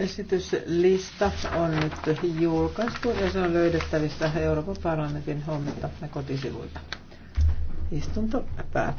Esityslista on nyt julkaistu ja se on löydettävissä Euroopan parlamentin hommilta ja kotisivuilta. Istunto päättyy.